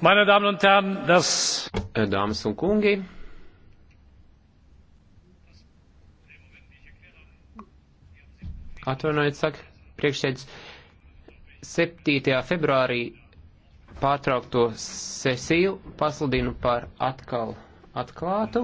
Meine Damen und Herren, das Dāmas un kungi, atvainojiet, saka priekšsēdis, 7. februārī pārtraukto sesiju pasludinu par atkal atklātu.